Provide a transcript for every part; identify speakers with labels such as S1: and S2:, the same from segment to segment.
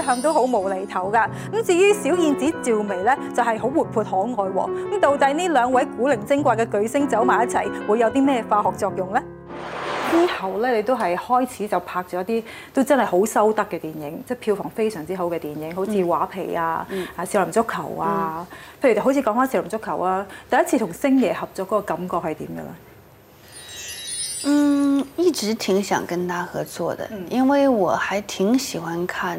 S1: 一向都好無厘頭噶，咁至於小燕子趙薇呢，就係、是、好活潑可愛。咁到底呢兩位古靈精怪嘅巨星走埋一齊，嗯、會有啲咩化學作用呢？之後呢，你都係開始就拍咗一啲都真係好收得嘅電影，即、就、係、是、票房非常之好嘅電影，好似畫皮啊、嗯、啊少林足球啊。嗯、譬如好似講翻少林足球啊，第一次同星爺合作嗰個感
S2: 覺係點噶？嗯，一直挺想跟他合作的，嗯、因為我還挺喜歡看。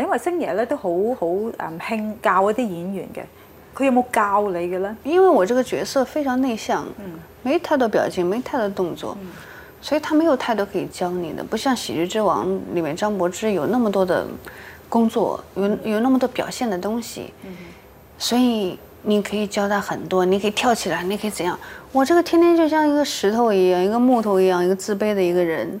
S2: 因為星爺咧都好好誒興教一啲演員嘅，佢有冇教你嘅咧？因為我這個角色非常內向，嗯，沒太多表情，沒太多動作、嗯，所以他沒有太多可以教你的。不像《喜劇之王》裏面張柏芝有那麼多的工作，有有那麼多表現的東西、嗯，所以你可以教他很多。你可以跳起來，你可以怎樣？我這個天天就像一個石頭一樣，一個木頭一樣，一個自卑的一個人。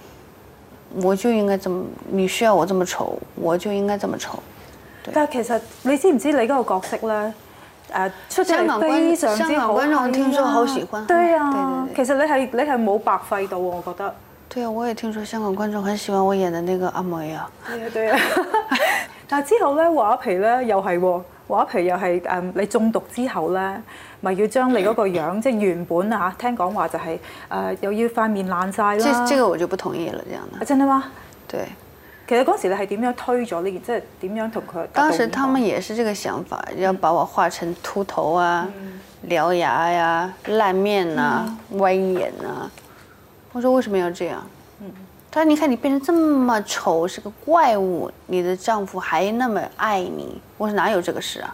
S2: 我就應該這麼，你需要我這麼醜我就應該這麼醜，啊、但係其
S1: 實你知唔知道你嗰個角色咧，
S2: 誒、呃，香港非常之好，香港觀眾聽說好喜歡，嗯、啊對啊，對啊對對對，其實你係你係冇白費到，我覺得。對啊，我也聽說香港觀眾很喜歡我演的那個阿妹啊。對啊對
S1: 啊， 但係之後咧畫皮咧又係，畫皮又係誒、嗯，你中毒之後咧。咪要將你嗰個樣，即係原本啊！聽講話就係、是、誒、呃，又要塊面
S2: 爛曬啦。這這個我就不同意了，這樣的。
S1: 真的嗎？對。其實嗰時你係點樣推咗呢件？即係點樣同佢？當時他
S2: 們也是這個想法，要把我化成禿頭啊、獠牙呀、爛、啊、面啊、威、嗯、眼啊。我說：為什麼要這樣？嗯。他：你看你變成這麼醜，是個怪物，你的丈夫還那麼愛你。我說：哪有這個事啊？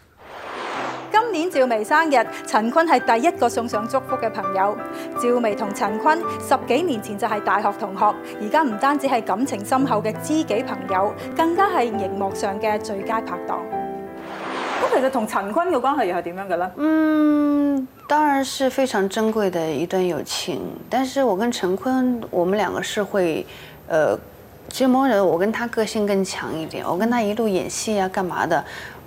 S1: 今年趙薇生日，陳坤係第一個送上祝福嘅朋友。趙薇同陳坤十幾年前就係大學同學，而家唔單止係感情深厚嘅知己朋友，更加係熒幕上嘅最佳拍檔。咁其實同陳坤嘅關係又係點樣嘅呢？嗯，
S2: 當然是非常珍貴嘅一段友情。但是我跟陳坤，我們兩個是會，呃，接觸人，我跟他個性更強一點，我跟他一路演戲啊，幹嘛的？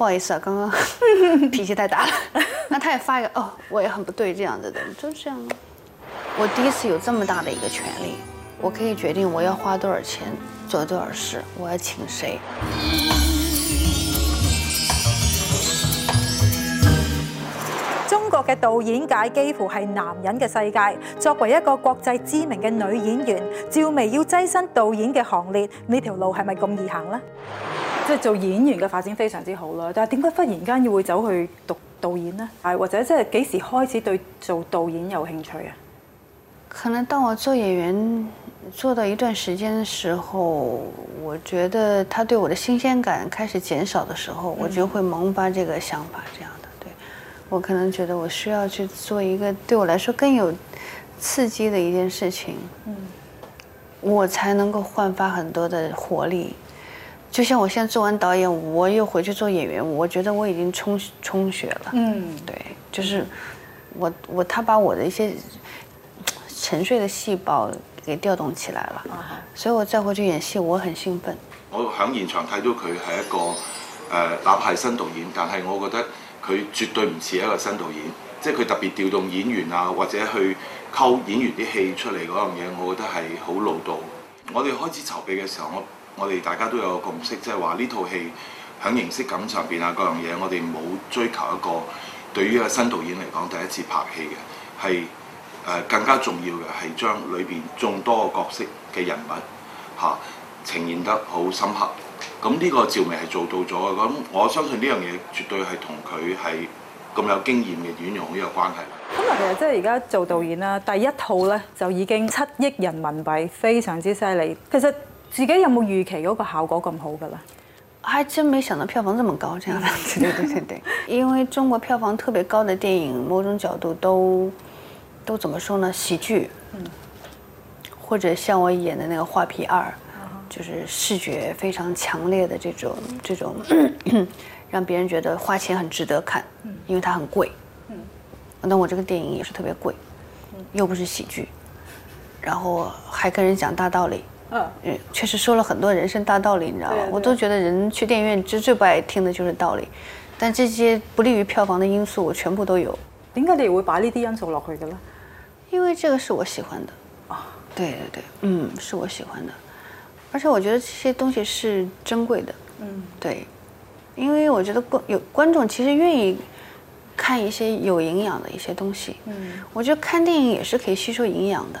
S2: 不好意思啊，剛剛脾氣太大了。 那他也發一個哦，我也很不對，這樣子的，就是這樣。我第一次有這麼大的一個權力，我可以決定我要花多少錢，做多少事，我要請誰。
S1: 中國嘅導演界幾乎係男人嘅世界，作為一個國際知名嘅女演員，趙薇要躋身導演嘅行列，呢條路係咪咁易行呢？即係做演員嘅發展非常之好啦，但係點解忽然間要會走去讀導演呢？係或者即係幾時開始對做導演有興趣啊？
S2: 可能當我做演員做到一段時間嘅時候，我覺得佢對我嘅新鮮感開始減少嘅時候，我就會萌發這個想法。這樣的，對我可能覺得我需要去做一個對我來說更有刺激嘅一件事情，我才能夠煥發很多的活力。就像我現在做完導演，我又回去做演員，我覺得我已經充充血了。嗯，對，就是我我他把我的一些沉睡的細胞給調動起來了，嗯、所以我再回去演戲，我很興奮。
S3: 我喺現場睇到佢係一個誒、呃，哪怕係新導演，但係我覺得佢絕對唔似一個新導演，即係佢特別調動演員啊，或者去溝演員啲戲出嚟嗰樣嘢，我覺得係好老道。我哋開始籌備嘅時候，我我哋大家都有共識，即係話呢套戲響形式感上邊啊，各樣嘢我哋冇追求一個對於一個新導演嚟講第一次拍戲嘅，係、呃、更加重要嘅係將裏邊眾多個角色嘅人物嚇、啊、呈現得好深刻。咁呢個趙薇係做到咗嘅，咁我相信呢樣嘢絕對係同佢係咁有經驗嘅演員好有關係。
S1: 咁啊，其實即係而家做導演啦，第一套呢就已經七億人民幣，非常之犀利。其實。自
S2: 己有冇預期嗰個效果咁好噶啦？還真沒想到票房這麼高，這樣子。對對對，因為中國票房特別高的電影，某種角度都都怎麼說呢？喜劇，嗯，或者像我演的那個《畫皮二》，就是視覺非常強烈的這種這種，讓別人覺得花錢很值得看，因為它很貴，嗯，但我這個電影也是特別貴，又不是喜劇，然後還跟人講大道理。嗯、啊，確實說了很多人生大道理，你知道吧？對啊，對啊，我都覺得人去電影院其實最不愛聽的就是道理，但這些不利於票房的因素我全部都有。點解你會把這些因素的呢啲嘢做落去嘅咧？因為這個是我喜歡的啊，對對對，嗯，是我喜歡的，而且我覺得這些東西是珍貴的，嗯，對，因為我覺得觀有觀眾其實願意看一些有營養的一些東西，嗯，我覺得看電影也是可以吸收營養的。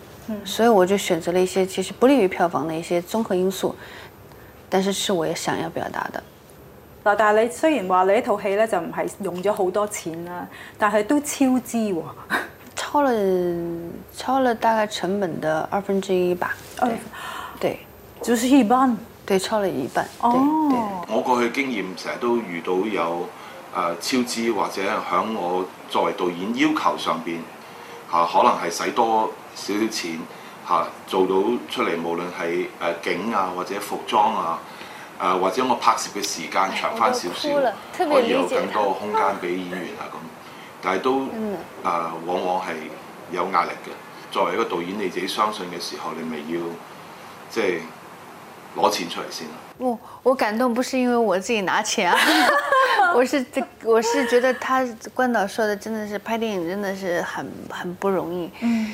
S2: 所以我就選擇了一些其實不利於票房的一些綜合因素，但是是我也想要表達的。
S1: 嗱，但係你雖然話你套戲呢就唔係用咗好多錢啦，但係都超支喎。超
S2: 了超了大概成本的二分之一吧對。對，就是一半，對，超了一半。對哦對對對，
S3: 我過去的經驗成日都遇到有超支或者響我作為導演要求上邊，可能係使多。少少錢嚇、啊、做到出嚟，無論係誒、呃、景啊或者服裝啊誒、呃、或者我拍攝嘅時間長翻少少，
S2: 可以有更多嘅空間
S3: 俾演員啊咁。但係都誒、嗯啊、往往係有壓力嘅。作為一個導演，你自己相信嘅時候，你咪要即係攞錢出嚟先咯。我
S2: 我感動不是因為我自己拿錢啊， 我是我係覺得他關導說的真的是拍電影真的是很很不容易。嗯。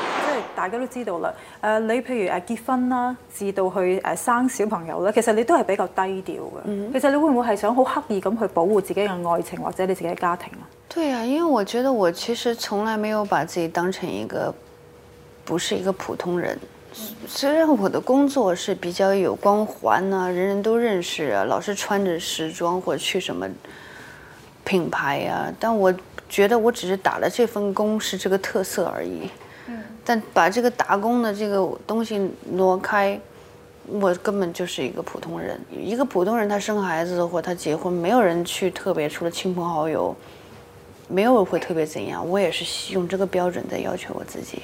S1: 大家都知道啦，誒你譬如誒結婚啦，至到去誒、呃、生小朋友啦，其實你都係比較低調嘅、嗯。其實你會唔會係想好刻意咁去保護自己嘅愛情、嗯、
S2: 或者你自己嘅家庭啊？對啊，因為我覺得我其實從來沒有把自己當成一個不是一個普通人。雖然我的工作是比較有光環啊，人人都認識啊，老是穿着時裝或者去什麼品牌啊，但我覺得我只是打了這份工是這個特色而已。但把這個打工的這個東西挪開，我根本就是一個普通人。一個普通人，他生孩子或他結婚，沒有人去特別，除了親朋好友，沒有人會特別怎樣。我也是用這個標準在要求我自己。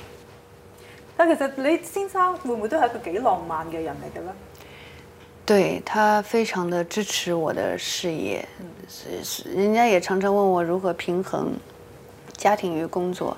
S1: 但其實你先生會唔會都係一個幾浪漫嘅人嚟嘅咧？
S2: 對他非常的支持我的事業，人家也常常問我如何平衡家庭與工作。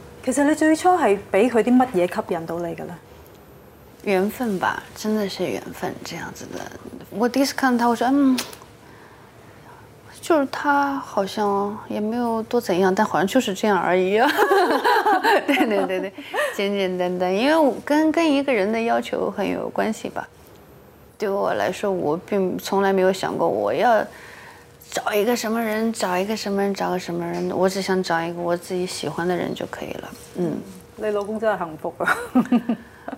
S2: 其實你最初係俾佢啲乜嘢吸引到你嘅呢？緣分吧，真的是緣分，這樣子的。我第一次看到他，我說：「嗯，就是他好像也沒有多怎樣，但好像就是這樣而已。啊。 」對 對對對，簡簡單單，因為我跟跟一個人的要求很有關係吧。對我來說，我並從來沒有想過我要。找一個什麼人，找一個什麼人，找個什麼人，找個什麼人，我只想找一個我自己喜歡的人就可以了。
S1: 嗯。你老公真係幸福啊！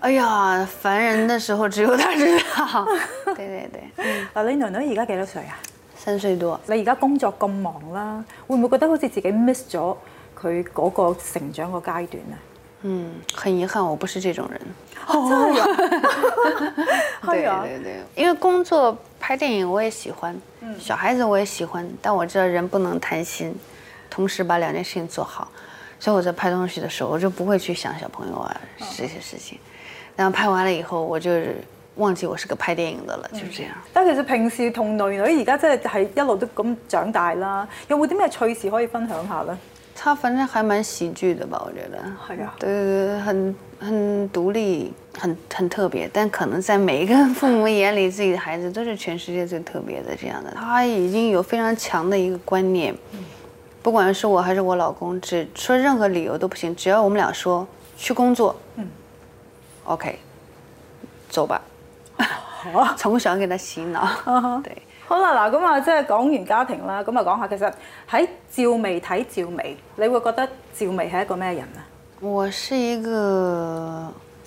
S2: 哎呀，煩人的時候只有他知道。 對對對。
S1: 嗱， 你囡囡而家幾多歲啊？三歲多。你而家工作咁忙啦，啊，會唔會覺得好似自己 miss 咗佢嗰個成長個階段啊？嗯，很遺憾，我不是這種
S2: 人。好，哦，啊！ 對啊 對對對，因為工作。拍電影我也喜歡、嗯，小孩子我也喜歡，但我知道人不能貪心，同時把兩件事情做好。所以我在拍東西的時候，我就不會去想小朋友啊這些事情、哦。然後拍完了以後，我就忘記我是個拍電影的了，嗯、就這樣。但其實平
S1: 時同女女，而家真係一路都咁長大啦，有冇啲咩趣事可以分享下呢？
S2: 他反正還蠻喜劇的吧，我覺得。係啊。對，很很獨立。很很特別，但可能在每一個父母眼裏，自己的孩子都是全世界最特別的這樣的。他已經有非常強的一個觀念，不管是我還是我老公，只說任何理由都不行，只要我們倆說去工作，嗯，OK，走吧。好， 從小給他洗腦
S1: 對， 好啦，嗱，咁啊，即係講完家庭啦，咁啊，講下其實喺趙薇睇趙薇，你會覺得趙薇係一個咩人啊？
S2: 我是一個。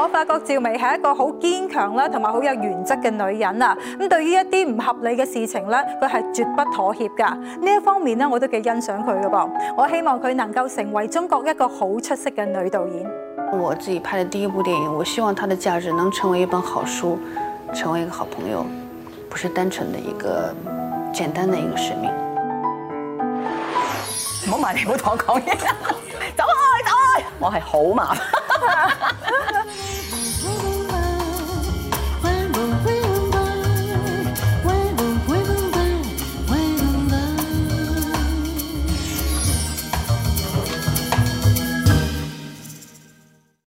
S2: 我發
S1: 覺趙薇係一個好堅強啦，同埋好有原則嘅女人啊！咁對於一啲唔合理嘅事情咧，佢係絕不妥協噶。呢一方面咧，我都幾欣賞佢噶噃。我希望
S2: 佢能夠成為中國一個好出色嘅女導演。我自己拍嘅第一部電影，我希望它的價值能成為一本好書，成為一個好朋友，不是單純的一個簡單的一個使命。唔好埋你，唔好同我講嘢，走開走開！我係好麻煩。